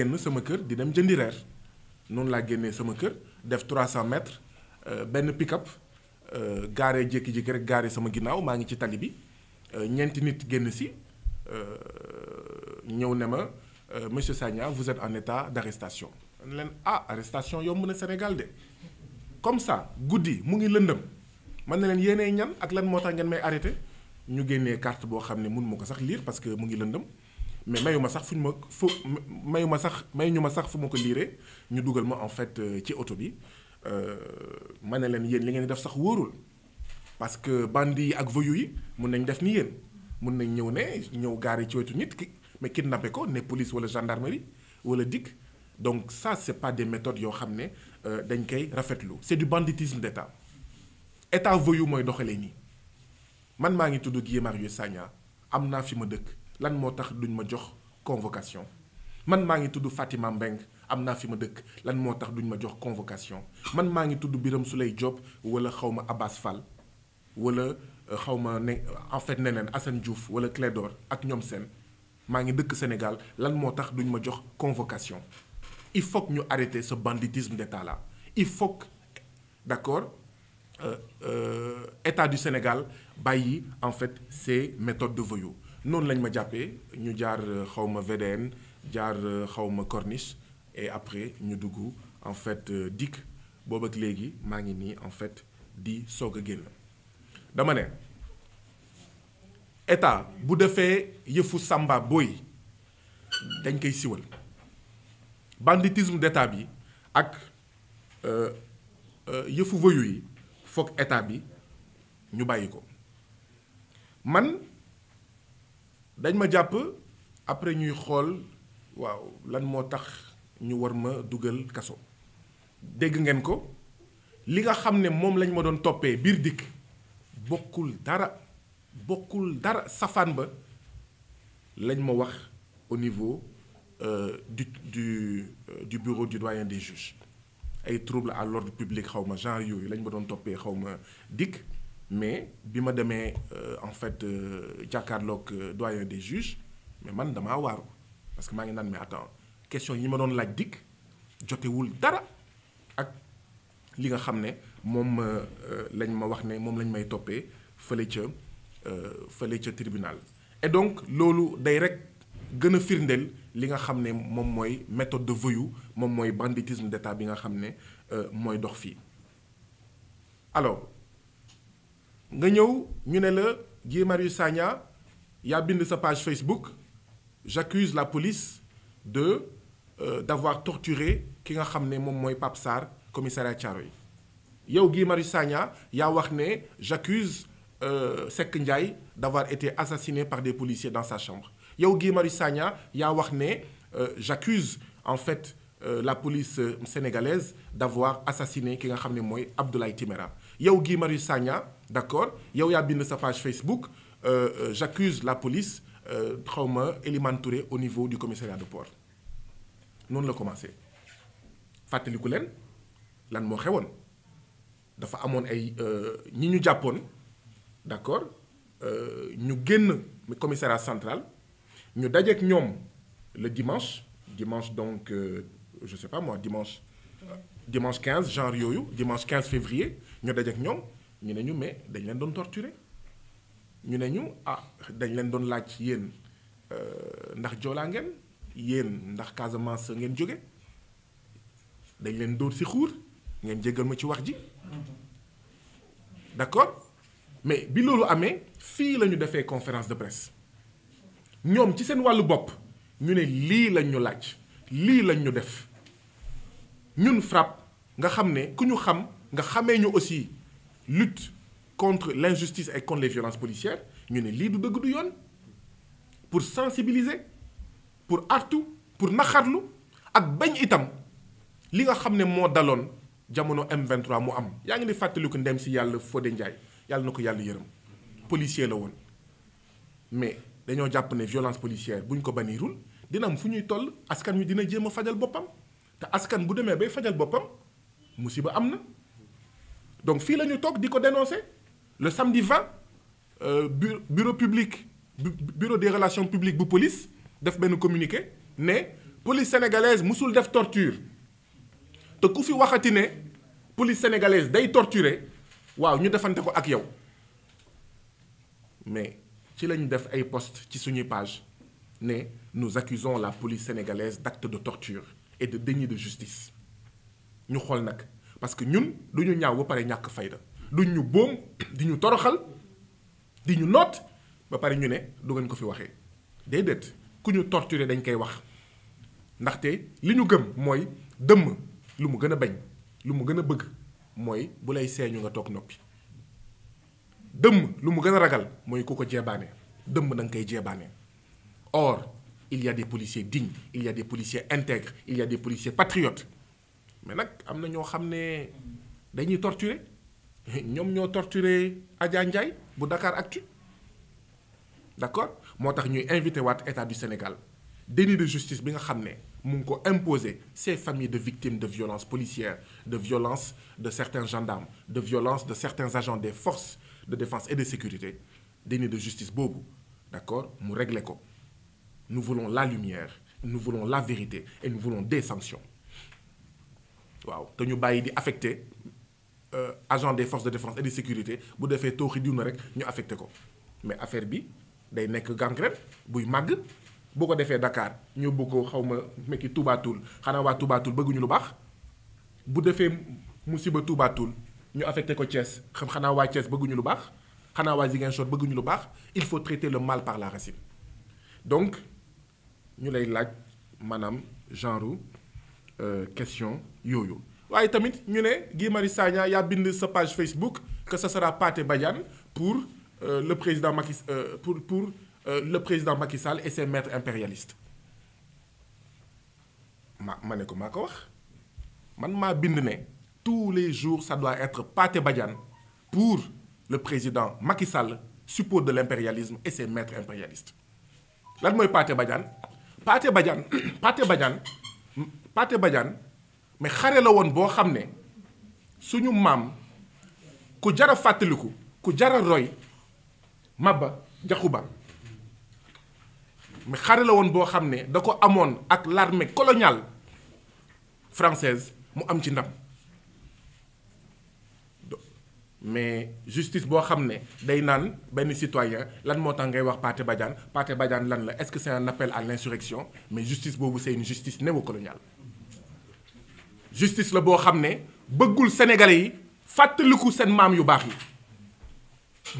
génn sama kër di dem jëndi reer noonu laa génnee sama kër def 300 mètres euh, benn pick-up euh, gaaree jékki-jékki rek gaare sama ginnaaw maa ngi ci tali bi euh, ñeenti nit génn si ñëw ne ma monsieur Sagna vous êtes en état d'arrestation leen ah arrestation yomb na Sénégal de comme ça guddi mu ngi lëndëm man ne leen yéenay ñan ak lan moo tax ngeen may arrêté ñu génnee carte boo xam ne mun ma ko sax lire parce que mu ngi lëndëm mais mayu ma sax fu ñu ma fu mayu sax mayu ñu ma sax fu ma ko liiree ñu dugal ma en fait euh, ci oto bi euh, ma ne leen yéen li ngeen def sax wóorul parce que bandi yi ak voyou yi mun nañ def ni yéen mun nañ ñëw ne ñëw yi ci wetu nit ki mais kidnappé ko ne police wala gendarmerie wala dikk donc ça c'est pas de méthodes yoo xam ne euh, dañ koy rafetlu c'est du banditisme d'État état voyou mooy doxalee nii man maa ngi tudd Guy Marius Sagna am naa fi ma dëkk. lan moo tax duñ ma jox convocation man maa ngi tudd Fatima Mbeng am naa fi ma dëkk lan moo tax duñ ma jox convocation man maa ngi tudd Biram Souley Diop wala xaw ma Abbas Fall wala euh, xaw ma ne en fait neneen Assane Diouf wala Clédor ak ñoom seen maa ngi dëkk Sénégal lan moo tax duñ ma jox convocation il faut ñu arrêter sa banditisme d'état là il faut que d'accord euh, euh, état du Sénégal bàyyi en fait ces méthodes de voyou noonu lañ ma jàppee ñu jaar euh, xawma VDN jaar euh, xawma corniche et après ñu dugg en fait euh, dikk boobu ak léegi maa ngi nii en fait di soog a génn dama ne état bu defee yëfu sàmba booy dañ koy siwal banditisme d'état bi ak yëfu voyou yi foog état bi ñu bàyyi ko man dañ ma jàpp après ñuy xool waaw lan moo tax ñu war ma dugal kaso dégg ngeen ko li nga xam ne moom lañ ma doon toppee biir dikk bokkul dara bokkul dara safaan ba lañ ma wax au niveau euh, du du euh, du bureau du doyen des juges ay trouble à l'ordre publique xaw ma genre yooyu lañ ma doon toppee xawma dikk mais bi ma demee euh, en fait euh, jàkkaarloog euh, doyen des juges mais man damaa waaru parce que maa ngi naan mais attends question yi ma doon laaj dikk jotewul dara ak li nga xam ne moom lañ ma wax ne moom lañ may toppee fële ca fële ca tribunal. et donc loolu day rek gën a firndeel li nga xam ne moom mooy méthode de voyou moom mooy banditisme d'État bi nga xam ne mooy dox fii nga ñëw ñu ne la Guy Marius Sagna yaa bind sa page Facebook j'accuse la police de euh, d'avoir torturé ki nga xam ne moom mooy Pape Sarr commissariat Thiaroye yi yow Guy Marius Sagna yaa wax ne j'accuse euh, Seck Ndiaye d'avoir été assassiné par des policiers dans sa chambre yow Guy Marius Sagna yaa wax ne euh, j'accuse en fait euh, la police euh, sénégalaise d'avoir assassiné ki nga xam ne mooy Abdoulaye Timéra yow Guy Marius Sagna d'accord yow yaa bind sa page Facebook euh, euh j'accuse la police euh, xaw ma Elimane au niveau du commissariat de port noonu la commencé fàttaliku leen lan moo xewoon dafa amoon ay euh, ñi ñu jàppoon d'accord ñu génn commissariat central ñu dajeek ñoom le dimanche dimanche donc euh, je sais pas moi dimanche dimanche 15 genre yooyu dimanche 15 février ñu dajeek ñoom ñu ne ñu mais dañ leen doon torturer ñu ne ñu ah dañ leen doon laaj yéen euh, ndax joolaa ngeen yéen ndax Casamance ngeen jóge dañ leen dóor si xuur ngeen jéggal ma ci wax ji d'accord mais bi loolu amee fii la ñu defee conférence de presse ñoom ci seen wàllu bopp ñu ne lii lañ ñu laaj lii lañ ñu def ñun FRAPP nga xam ne ku ñu xam nga xamee ñu aussi lutte contre l'injustice et contre les violences policières ñu ne lii du dëgg du yoon pour sensibiliser pour artu pour naxarlu ak bañ itam li nga xam ne moo daloon jamono M23 mu am yaa ngi di fàttaliku ndem si yàlla de Ndiaye yàlla na ko yàlla yërëm policier la woon mais dañoo jàpp ne violence policière bu ñu ko baniirul dina am fu ñuy toll askan wi dina jéem a fajal boppam te askan bu demee bay fajal boppam musiba am na. donc fii la ñu toog di ko dénoncer le samedi 20 euh, bureau publique bureau des relation publique bu police def benn communiqué ne police sénégalaise mosul def torture te ku fi waxati ne police sénégalaise day torturer waaw ñu defante ko ak yow mais ci lañu def ay post ci suñuy page ne nous accusons la police sénégalaise d'actes de torture et de déni de justice ñu xool nag parce que ñun du ñu ñaaw ba pare ñàkk fayda du ñu boom di ñu toroxal di ñu noot ba pare ñu ne du ngeen ko fi waxee déedéet ku ñu torturer dañ koy wax ndaxte li ñu gëm mooy dëmm lu mu gën a bañ lu mu gën a bëgg mooy bu lay seeñu nga toog noppi dëmm lu mu gën a ragal mooy ku ko jeebaane dëmm da koy jeebaane or il y a des policiers il y a des policiers intègres il y a des policiers mais nag am na ñoo xam ne dañuy torturer ñoom ñoo torturer Adja Ndiaye bu Dakar Actu d'accord moo tax ñuy invité waat état du Sénégal déni de justice bi nga xam ne mu ngi ko imposer ces familles de victimes de violences policière de violences de certains gendarmes de violences de certains agents des forces de défense et de sécurité déni de justice boobu d'accord mu régler ko nous voulons la lumière nous voulons la vérité et nous voulons des sanctions waaw te ñu bàyyi di affecté euh, agent des forces de défense et de sécurité bu defee tooxi diw na rek ñu affecté ko mais affaire bi day nekk gangrène buy màgg boo ko defee Dakar ñu bëgg ko xaw ma mekki Toubatoul xanaa waa Toubatoul bëgguñu lu baax bu defee musiba Toubatoul ñu affecté ko Thiès xam xanaa waa Thiès bëgguñu lu baax xanaa waa Ziguinchor bëgguñu lu baax il faut traiter le mal par la racine donc ñu lay laaj maanaam genre Euh, question yooyu waaye tamit ñu ne Guy Marius Sagna yaa bind sa page Facebook que ce sera Pathé Badiane pour euh, le président Macky euh, pour pour le président Macky Sall et ses maîtres impérialistes ma ma ne ko maa ko wax man maa bind ne tous les jours ça doit être Pathé Badiane pour le président Macky Sall support de l'impérialisme et ses maîtres impérialistes lan mooy Pathé Badiane Pathé Badiane Pathé Badiane Pathé Badiane mais xare la woon boo xam ne suñu maam ku jar fàttaliku ku jar a roy Maba Jaxu Ba mais xare la woon boo xam ne da ko amoon ak larme coloniale française mu am ci ndam mais justice boo xam ne day naan benn citoyen lan moo tax ngay wax Pathé Badiane Pathé Badiane lan la est-ce que c'est un appel à l'insurrection mais justice boobu c'est une justice néocoloniale justice la boo xam ne bëggul sénégalais yi fàttaliku seen maam yu baax yi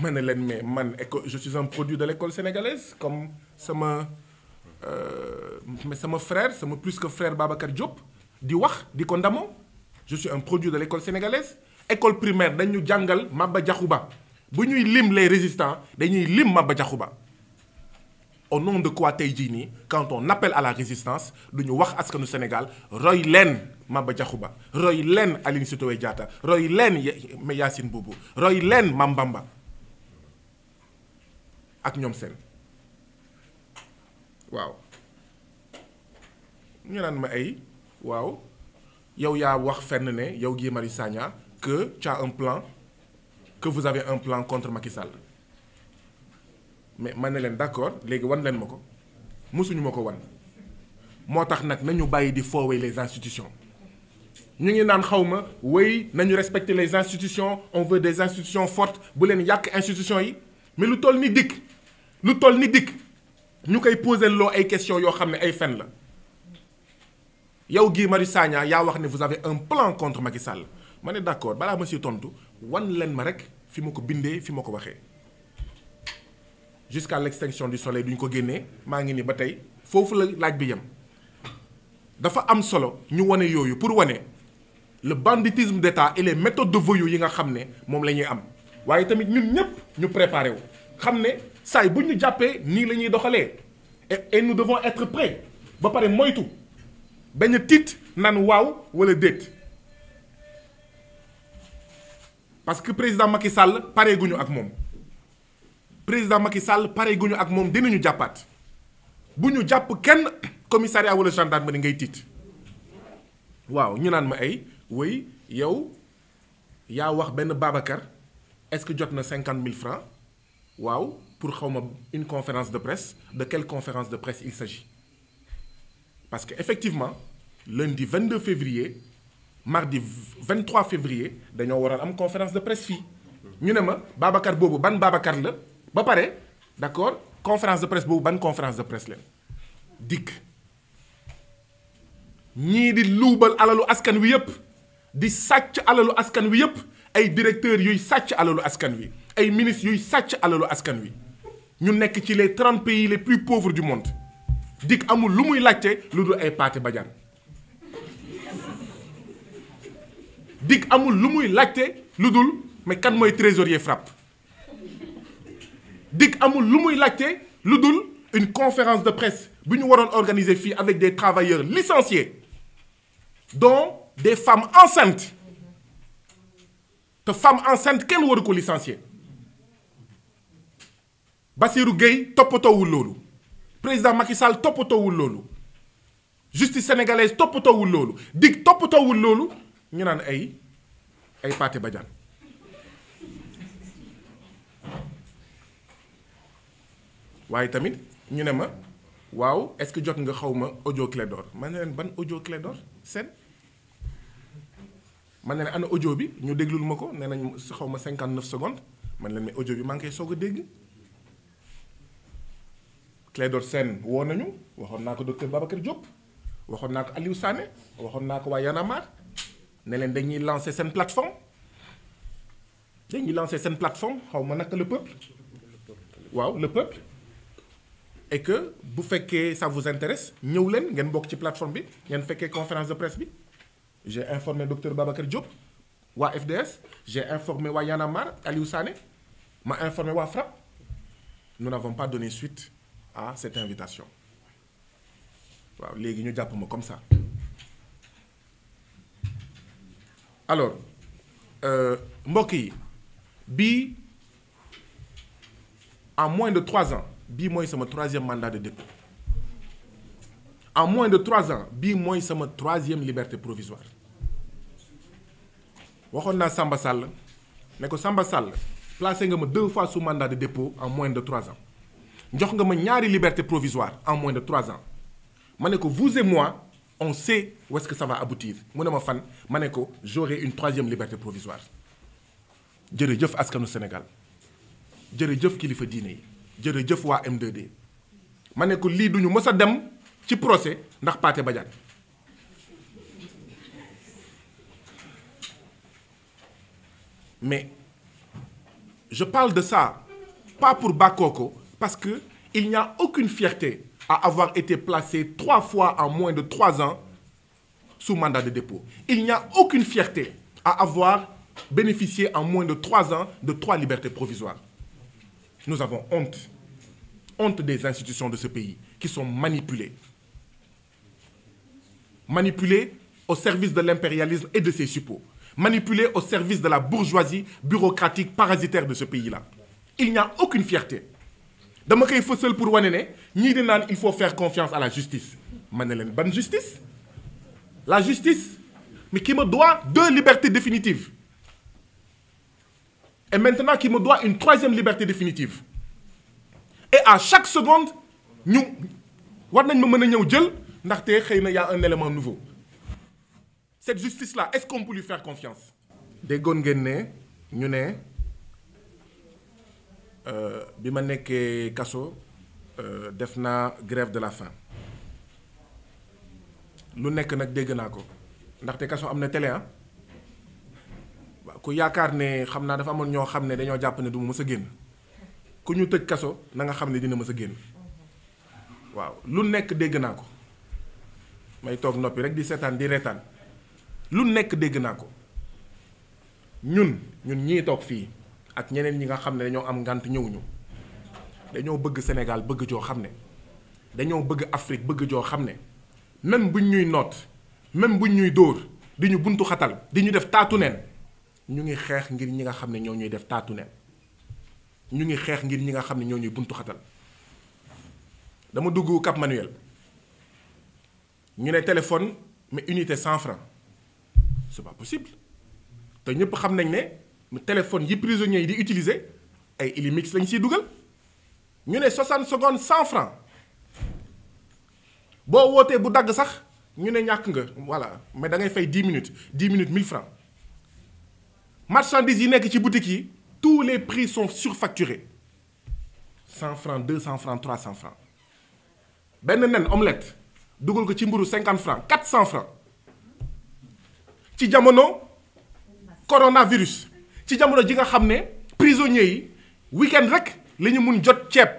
ma ne leen mais man éco je suis un produit de l'école sénégalaise comme sama euh, mais sama frère sama plus que frère Babacar Diop di wax di ko ndamoo je suis un produit de l'école sénégalaise école primaire dañu jàngal Maba Diakhou Ba bu ñuy lim les résistants dañuy lim Maba Diakhou Ba au nom de quoi tey jii nii quand on appelle à la résistance du ñu wax askanu Sénégal roy leen Maba jaxu Ba roy leen Aline Sitoé Diatta roy leen Yacine Boubou roy leen Mame Bamba ak ñoom seen waaw ñu ma ay waaw yow yaa wax fenn ne yow Guy Marius Sagna que tu as plan que vous avez un plan contre Macky Sall mais man ne leen d'accord léegi wan leen ma ko mosuñu ma ko wan moo tax nag nañu bàyyi di foowee les institutions ñu ngi naan xawma ma wéy nañu respecter les institutions on veut des institutions fortes bu leen yàq institutions yi mais lu toll ni dikk lu toll ni dikk ñu koy poser loo ay question yoo xam ne ay fen la yow Guy Marius Sagna yaa wax ne vous avez un plan contre Macky sàll ma ne d'accord balaa ma si tontu wan leen ma rek fi ma ko bindee fi ma ko waxee. jusqu'à l'extinction du soleil duñu ko génnee maa ngi ni ba tey foofu la laaj bi yem dafa am solo ñu wane yooyu pour wane le banditisme d'État et les méthodes de voyous yi nga xam ne moom la ñuy am waaye tamit ñun ñëpp ñu préparé wu xam ne saay bu ñu jàppee nii la ñuy doxalee et nous devons être prêts ba pare moytu bañ a tiit naan waaw wala déet parce que président Macky Sall pareeguñu ak moom. président Macky Sall pare guñu ak moom dinañu jàppaat bu ñu jàpp kenn commissariat wala gendarmerie ngay tiit waaw ñu naan ma ay way yow yaa wax benn Babacar est-ce que jot na cinquante mille francs waaw pour xaw ma une conférence de presse de quelle conférence de presse il s'agit parce que effectivement lundi 22 février mardi 23 février dañoo waroon am conférence de presse fii ñu ne ma Babacar boobu ban Babacar la ba pare d'accord conférence de presse boobu ban conférence de presse leen dikk ñii di luubal alalu askan wi yépp di sàcc alalu askan wi yépp ay directeurs yuy sàcc alalu askan wi ay ministres yuy sàcc alalu askan wi ñu nekk ci les trente pays les plus pauvres du monde dikk amul lu muy laajte lu dul ay pâté bajaan dikk amul lu muy laajte lu dul mais kan mooy trésorier FRAPP dig amul lu muy laajte lu dul une conférence de presse bu ñu waroon organiser fii avec des travailleurs licenciés dont des femmes enceintes te femme enceinte kenn waru ko licencier Bassirou Gueye toppatoowul loolu président Macky Sall toppatoowul loolu justice sénégalaise toppatoowul loolu dig toppatoowul loolu ñu naan ay ay Pathé Badiane waaye tamit ñu ne ma waaw est-ce que jot nga xaw ma audio clé ma ne leen ban audio clé seen ma ne leen ana ojo bi ñu déglul ma ko nee nañ xaw ma 59 secondes ma ne leen mais audio bi maa ngi koy soog a dégg clé seen woo nañu waxoon naa ko docteur Babacar Diop waxoon naa ko Aliou Sané waxoon naa ko waa Y'en a marre ne leen dañuy lancer seen plateforme dañuy lancer seen plateforme xaw ma naka le peuple waaw le peuple et que bu fekkee ça vous intéresse ñëw leen ngeen bokk ci plateforme bi ngeen fekkee conférence de presse bi j'ai informé docteur Babacar Diop waa FDS j'ai informé waa Y'en a marre Aliou Sané ma informé waa FRAPP nous n'avons pas donné suite à cette invitation waaw léegi ñu jàpp ma comme ça alors euh, mbokk yi bi en moins de trois ans bii mooy sama troisième mandat de dépôt en moins de trois ans bii mooy sama troisième liberté provisoire waxoon naa Samba Sall ne ko Samba Sall placé nga ma deux fois sous mandat de dépôt en moins de trois ans jox nga ma ñaari liberté provisoire en moins de trois ans ma ne ko vous et moi on sait où est-ce que ça va aboutir mu ne ma fan ma ne ko j'aurai une troisième liberté provisoire jërëjëf askanu Sénégal jërëjëf kilifa diine yi. jërëjëf waa M2D ma ne ko lii duñu mës a dem ci procès ndax Pathé Badiane mais je parle de ça pas pour bàkkoo ko parce que il n'y a aucune fierté à avoir été placé trois fois en moins de trois ans sous mandat de dépôt il n'y a aucune fierté à avoir bénéficié en moins de trois ans de trois libertés provisoires Nous avons honte. Honte des institutions de ce pays qui sont manipulées. au service de l'impérialisme et de ses suppôts. Manipulées au service de la bourgeoisie bureaucratique parasitaire de ce pays-là. Il n'y a aucune fierté. dama koy fësal pour wane ne ñii naan il faut faire confiance à la justice ma ne leen ban justice la justice mais qui me doit deux libertés définitives et maintenant qu'il me doit une troisième liberté définitive et à chaque seconde ñu war nañ ma mën a ñëw jël ndaxte xëy na y un élément nouveau cette justice là est-ce qu'on peut lui faire confiance déggoon ngeen ne ñu ne euh, bi ma nekkee kaso euh, def naa grève de la faim lu nekk nag dégg naa ko ndaxte kaso am na télé ah ku yaakaar ne xam naa dafa amoon ñoo xam ne dañoo jàpp ne du ma a génn ku ñu tëj kaso nanga xam ne dina mës a génn waaw lu nekk dégg naa ko may toog noppi rek di seetaan di reetaan lu nekk dégg naa ko ñun ñun ñii toog fii ak ñeneen ñi nga xam ne dañoo am ngànt ñëwuñu dañoo bëgg Sénégal bëgg joo xam ne dañoo bëgg Afrique bëgg joo xam ne même buñ ñuy noot même buñ ñuy dóor di ñu buntu xatal di ñu def taatu neen ñu ngi xeex ngir ñi nga xam ne ñoo ñuy def taatu ne ñu ngi xeex ngir ñi nga xam ne ñoo ñuy buntu xatal dama dugg Cap Manuel ñu ne téléphone mais unité cent franc c'est pas possible te ñëpp xam nañ ne téléphone yi prisonniers yi di utiliser ay Illimix lañ siy dugal ñu ne 60 secondes cent franc boo wootee bu dagg sax ñu ne ñàkk nga voilà mais da ngay fay 10 minutes 10 minutes 1000 marchandises yi nekk ci boutique yi tous les prix sont surfacturés cent francs deux cent francs trois cent francs benn nen omelette dugal ko ci mburu cinquante francs quatre cent francs ci jamono coronavirus ci jamono ji nga xam ne prisonniers yi week-end rek la ñu mun jot ceeb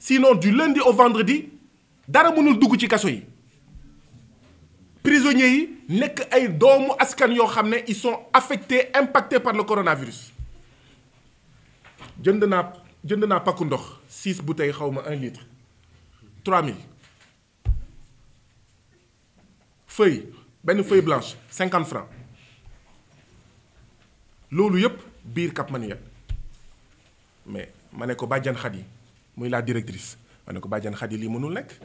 sinon du lundi au vendredi dara mënul dugg ci kaso yi prisonniers yi nekk ay doomu askan yoo xam ne ils sont affectés impactés par le coronavirus jënd naa jënd naa pakku ndox six bouteilles xaw ma un litre trois mille feuille benn feuille blanche cinquante francs loolu yépp biir Cap Manuel mais ma ne ko bàjjan yi muy la directrice ma ne ko bàjjan yi lii mënul nekk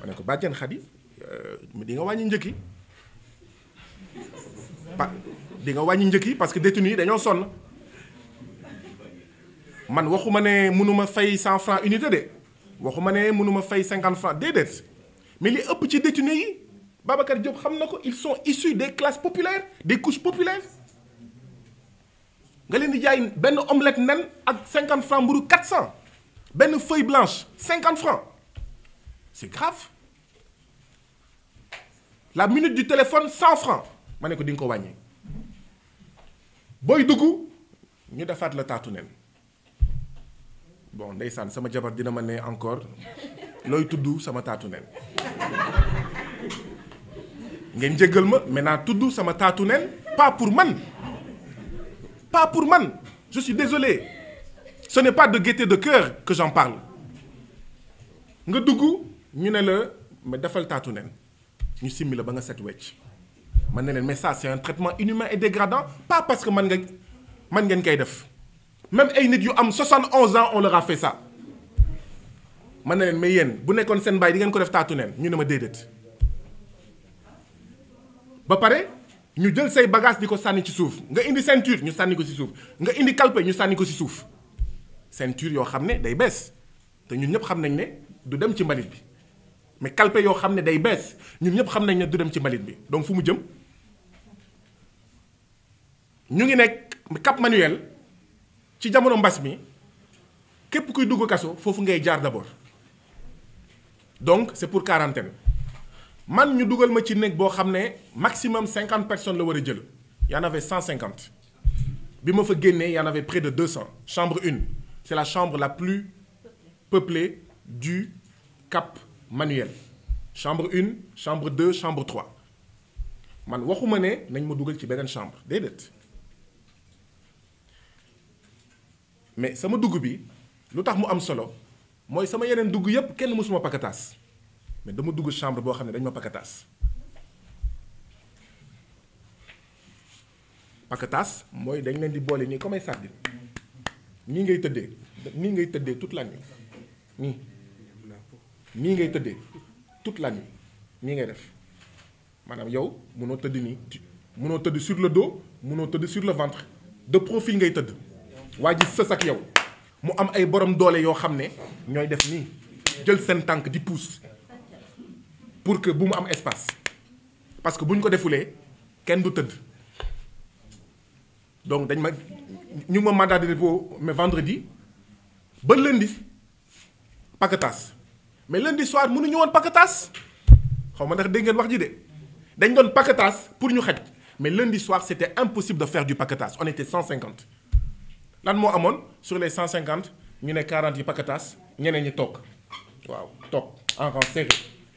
ma ne ko bàjjan Xadi Euh, di nga wàññi njëkk yi di nga wàññi njëkk yi parce que détenus yi dañoo sonn man waxuma ne mënuma fay cent franc unité de waxuma ne mënuma fay cinquante franc déedéet mais li ëpp ci détenus yi Babacar Diop xam na ko ils sont issus des classes populaires des couches populaires nga leen di jaay benn omelette nen ak cinquante franc mburu quatre cent benn feuille blanche cinquante franc c'est grave la minute du téléphone cent francs ma ne ko di ko wàññi booy dugg ñu defaat la taatu nen bon ndeysaan sama jabar dina ma ne encore looy tudd sama taatu nen ngeen jéggal ma maintenant tuddu sama taatu nen pas pour man pas pour man je suis désolé ce n'est pas de gaieté de cœur que j'en parle nga duggu ñu ne la ma defal taatu nen ñu simmi la ba nga set wecc man ne leen mais ça c'est un traitement inhumain et dégradant pas parce que man nga man ngeen koy def même ay nit yu am 71 ans on leur a fait ça man ne leen mais yéen bu nekkoon seen baay di ngeen ko def taatu neen ñu ne ma déedéet ba pare ñu jël say bagage di ko sànni ci suuf nga indi ceinture ñu sànni ko ci suuf nga indi calpe ñu sànni ko ci suuf ceinture yoo xam ne day bees te ñun ñëpp xam nañ ne du dem ci mbalit bi mais kalpe yoo xam ne day bees ñun ñëpp xam nañ ne du dem ci mbalit bi donc fu mu jëm ñu ngi nekk Cap Manuel ci jamono mbas mi képp kuy dugg kaso foofu ngay jaar d'abord donc c'est pour quarantaine man ñu dugal ma ci néeg boo xam ne maximum cinquante personnes la war a jël yanave cent cinquante bi ma fa génnee y en près de deux cents chambre une c'est la chambre la plus peuplée du Cap manuel chambre une chambre deux chambre trois man waxuma ne nañ ma dugal ci beneen chambre déedéet mais sama dugg bi lu tax mu am solo mooy sama yeneen dugg yépp kenn mësuma pakataas mais dama dugg chambre boo xam ne dañ ma pakataas pakataas mooy dañ leen di boole nii comme ay sardine nii ngay tëddee nii ngay tëddee toute la nuit nii ngay tëddee tout la nuit nii ngay def maanaam yow mënoo tëdd nii mënoo tëdd sur le dos mënoo tëdd sur le ventre de profil ngay tëdd waa ji sës ak yow mu am ay borom doole yoo xam ne ñooy def nii jël seen tànk di pousse pour que bu mu am espace parce que bu ñu ko defulee kenn du tëdd donc dañ ma ñu ma mandat de dépôt mais vendredi ba lundi paquetage mais lundi soir mënuñu woon pakataas xaw ma ndax dégg ngeen wax ji de dañ doon pakataas pour ñu xaj mais lundi soir c' était impossible de faire du pakataas on était 150. lan moo amoon sur les cent 150 ñu ne 40 yi pakataas ñeneen ñi toog waaw toog en rang serré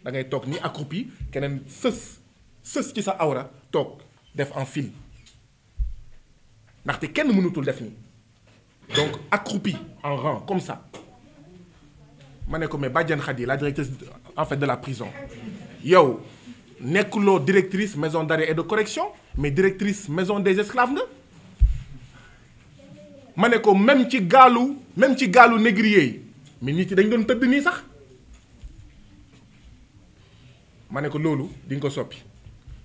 da ngay toog ni accroupi keneen sës sës ci sa awra toog def en file ndaxte kenn mënutul def nii donc accroupi en rang comme ça. ma ne ko mais Badiane Khady la directrice en fait de la prison yow nekkuloo directrice maison d'arrêt de correction mais directrice maison des esclaves nga ma ne ko même ci gaalu même ci gaalu négrier yi mais nit yi dañ doon tëdd nii sax ma ne ko loolu di ko soppi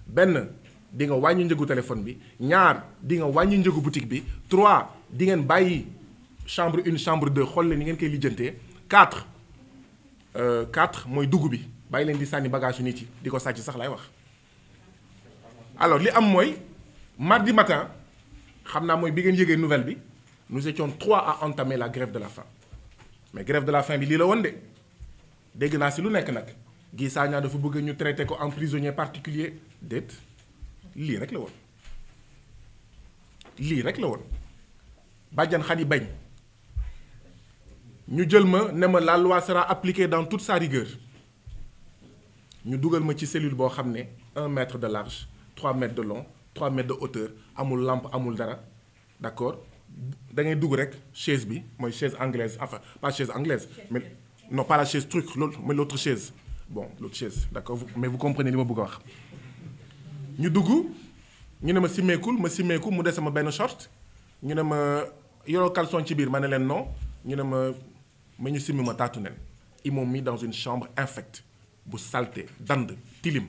benn di nga wàññi njëgu téléphone bi ñaar di nga wàññi njëgu boutique bi trois di ngeen bàyyi chambre une chambre de xool leen ni ngeen koy lijjantee quatre Euh, quatre mooy dugg bi bàyyi leen di sànni bagage yu nit yi di ko sàcc sax lay wax alors li am mooy mardi matin xam naa mooy bi ngeen yëgee nouvelle bi nous étions trois à entamer la grève de la faim mais grève de la faim bi lii la woon de dégg naa si lu nekk nag Guy Sagna dafa bëgg ñu traité ko en prisonnier particulier déet lii rek la woon lii rek la woon bàjjan xat yi bañ ñu jël ma ne ma la loi sera appliquée dans toute sa ñu dugal ma ci cellule boo xam ne un mètre de large trois mètres de long trois mètres de hauteur amul lampe amul dara d'accord da ngay dugg rek chaise bi mooy chaise anglaise enfin pas chaise anglaise mais non pas la chaise truc loolu mais l'autre chaise bon l'autre mais vous comprenez li ma bëgg a wax ñu dugg ñu ne ma simmeekul ma simmeeku mu des sama benn short ñu ne ma yoroo caleçon ci biir ma ne leen non ñu ne ma ma ñu simmi ma taatu nen ils m'ont mis dans une chambre infecte bu salté dand tilim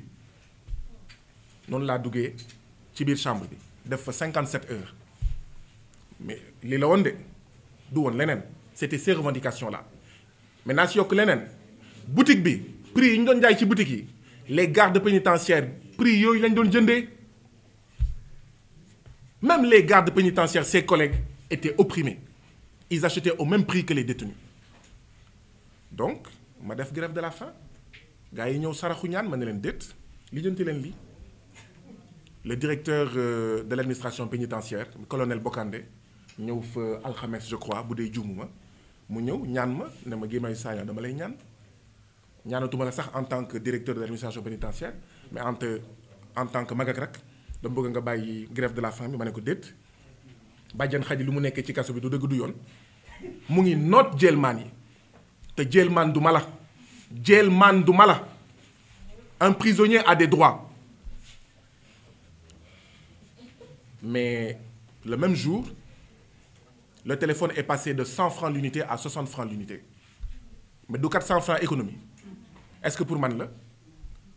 noonu laa duggee ci biir chambre bi def fa 57 heures mais lii la woon de du woon leneen c'était ces la là maintenant si yokk leneen boutique bi prix yi ñu doon jaay ci boutique yi les gardes pénitentiaires prix yooyu lañ doon jëndee même les gardes pénitentiaires ses collègues étaient opprimés ils achetaient au même prix que les détenus donc ma def grève de la faim gars yi ñëw saraxu ñaan ma ne leen déet lijjanti leen lii le directeur euh, de l' administration pénitentiaire colonel Bokandé ñëw fa alxames je crois bu dee juumuma mu ñëw ñaan ma ne ma Guy Marius Sagna dama lay ñaan ñaanatuma la sax en tant que directeur de l' administration mais en en tant que mag ak dama bëgg nga bàyyi grève de la faim bi ma ne ko déet bàjjan xaj lu mu nekkee ci kaso bi du dëgg du yoon mu ngi noot jelmaan yi te jël man du ma la jël man du ma la un prisonnier à des droits mais le même jour le téléphone est passé de 100 francs l'unité à 60 francs l'unité mais du 400 francs économie est-ce que pour man la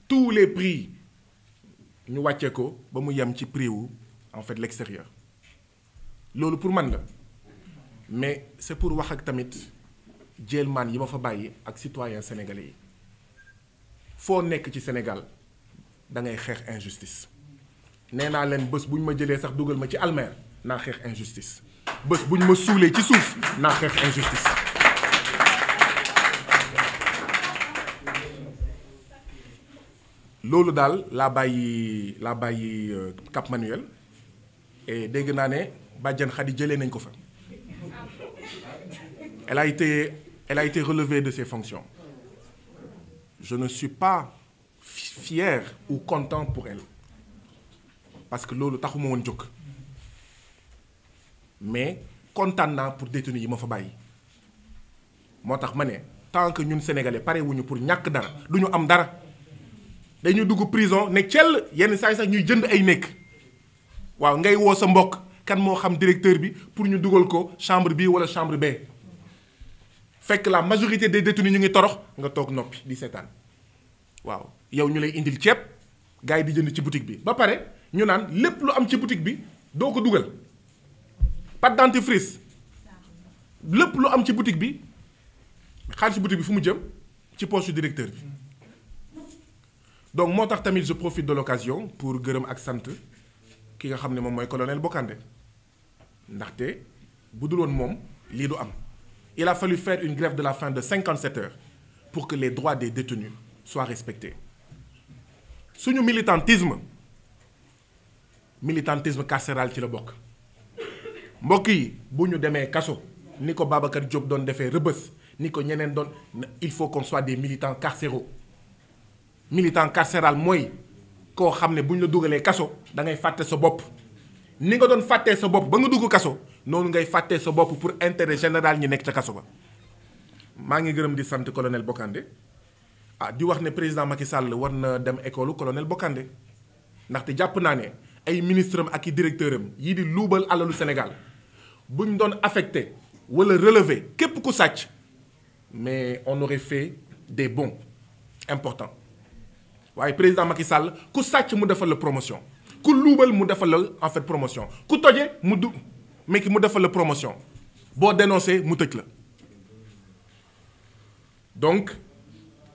tous les prix ñu wàccee ko ba mu yem ci prix wu en fait l'extérieur loolu pour man la mais c'est pour wax ak tamit jël maan yi ma fa bàyyi ak citoyen sénégalais yi foo nekk ci senegal da ngay xeex injustice nee naa leen bés bu ñu ma jëlee sax dugal ma ci almer naa xeex injustice bés bu ñu ma suulee ci suuf naa xeex injustice loolu daal laa bàyyi laa bàyyi euh, Cap Manuel dégg naa ne bàjjan Xadi jëlee nañ ko fa elle a elle a été relevée de ses fonctions. Je ne suis pas fier ou content pour elle parce que loolu taxuma woon jóg mais kontaan naa pour détenu yi ma fa bàyyi moo tax ma ne tant que ñun sénégalais parewuñu pour ñàkk dara duñu am dara dañu dugg prison ne cell yenn saa yi sax ñuy jënd ay nekk waaw ngay woo sa mbokk kan moo xam directeur bi pour ñu dugal ko chambre bi walla chambre bee fekk la majorité des détenus ñu ngi torox nga toog noppi di seetaan waaw yow ñu lay indil ceeb gars yi di jënd ci boutique bi ba pare ñu naan lépp lu am ci boutique bi doo ko dugal pâte dentifrice lépp lu am ci boutique bi xaalis boutique bi fu mu jëm ci poche directeur bi donc moo tax tamit je profite de l'occasion pour gërëm ak sant ki nga xam ne moom mooy colonel bokkande ndaxte bu dul woon moom lii du am. il a fallu faire une grève de la faim de 57 heures pour que les droits des détenus soient respectés suñu militantisme militantisme carcéral ci la bokk mbokk yi bu ñu demee kaso ni ko Babacar Diop doon defee rëbës ni ko ñeneen doon il faut qu'on soit des militants carcéraux militant carcéral mooy koo xam ne bu ñu la dugalee kaso da fàtte sa bopp ni nga doon fàttee sa bopp ba nga dugg kaso noonu ngay fàttee sa bopp pour intérêt général ñi nekk ca kaso ba maa ngi gërëm di sant colonel Bokandé ah di wax ne président Macky Sall war na dem école colonel Bokandé ndaxte jàpp naa ne ay ministre am ak i directeur am yii di luubal alalu Sénégal ñu doon affecté wala relevé képp ku sàcc mais on aurait fait des bons importants waaye président Macky Sall ku sàcc mu defal la promotion ku luubal mu defal la en fait promotion ku toje mu du mais ki mu defal la promotion boo dénoncé mu tëj la donc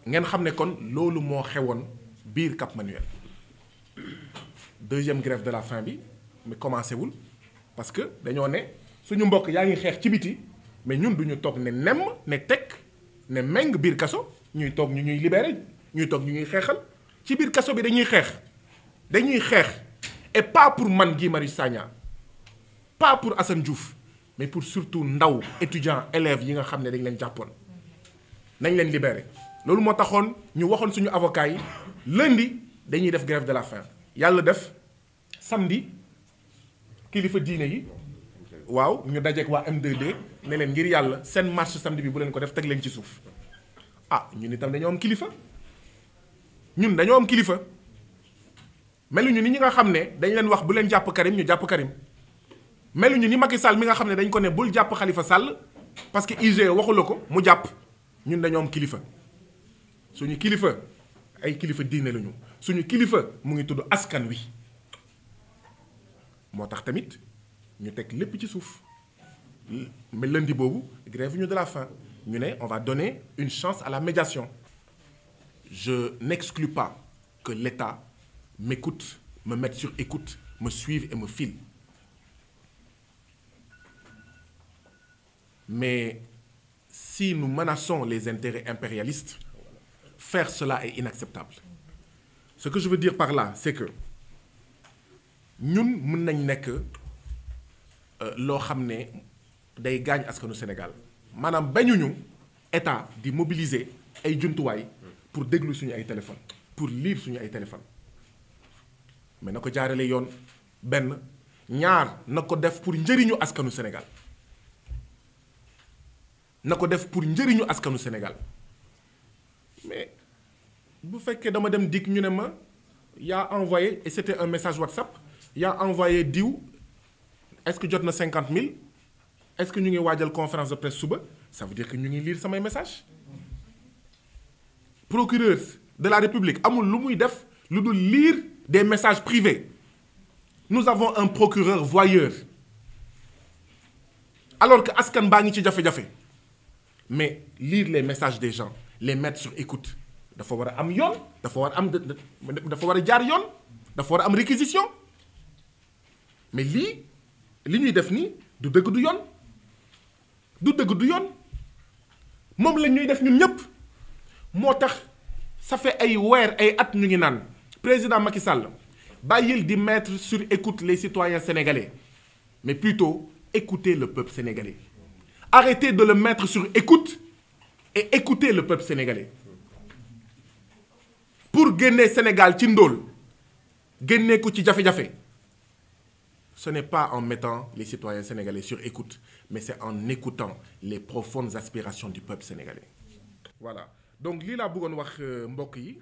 ngeen xam ne kon loolu moo xewoon biir Cap Manuel deuxième grève de la faim bi mu commencé wul parce que dañoo ne suñu mbokk yaa ngi xeex ci biti mais ñun duñu toog ne nemm ne teg ne meng biir kaso ñuy toog ñu ñuy libéré ñuy toog ñu ñuy xeexal ci biir kaso bi dañuy xeex dañuy xeex et pas pour man gii Marius Sagna pas pour Assane Diouf mais pour surtout ndaw étudiants élèves yi nga xam ne dañ leen jàppoon nañ leen libéré loolu moo taxoon ñu waxoon suñu avocats yi lundi dañuy def grève de la faim yàlla def samedi kilifa diine yi waaw ñu dajeek waa M2D ne leen ngir yàlla seen marche samedi bi bu leen ko def teg leen ci suuf ah ñun itam dañoo am kilifa ñun dañoo am kilifa meluñu ni ñi nga xam ne dañ leen wax bu leen jàpp Karim ñu jàpp Karim. meluñu ni Macky Sall mi nga xam ne dañ ko ne bul jàpp xalifa Sall parce que IGE waxu ko mu jàpp ñun dañoo am kilifa suñu kilifa ay kilifa diine lañu suñu kilifa mu ngi tudd askan wi moo tax tamit ñu teg lépp ci suuf mais lundi boobu grève ñu de la faim ñu ne on va donner une chance à la médiation je n'exclus pas que l'État m'écoute ma mette sur écoute me suive et me file Mais si nous son les intérêts impérialistes, faire cela est inacceptable. Ce que je veux dire par là, c'est que ñun mën nañ nekk euh, loo xam ne day gaañ askanu Sénégal maanaam bañuñu état di mobiliser ay jumtuwaay pour déglu suñu ay téléphone pour lire suñu ay téléphone mais na ko jaarale yoon benn ñaar na ko def pour njëriñu askanu Sénégal na ko def pour njëriñu askanu Sénégal mais bu fekkee dama dem dikk ñu ne ma yaa envoyé et c'était un message WhatsApp yaa envoyé diw est-ce que jot na cinquante mille est-ce que ñu ngi waajal conférence de presse suba ça veut dire que ñu ngi liir samay message procureur de la République amul lu muy def lu dul liir des messages privés nous avons un procureur voyeur alors que askan baa ngi ci jafe-jafe mais liir les message des gens les mettre sur écoute dafa war a am yoon dafa war a am dafa war a jaar yoon dafa war a am réquisition mais lii li ñuy def nii du dëgg du yoon du dëgg du yoon moom la ñuy def ñun ñëpp moo tax ça ay weer ay at ñu ngi naan président Macky Sall bàyyil di mettre sur écoute les citoyens sénégalais mais plutôt écouter le peuple sénégalais. arrêtez de le mettre sur écoute et écoutez le peuple sénégalais pour génne Sénégal ci ndóol génne ko ci jafe-jafe ce n'est pas en mettant les citoyens sénégalais sur écoute mais c'est en écoutant les profondes aspirations du peuple sénégalais voilà donc lii laa bëggoon wax euh, mbokk yi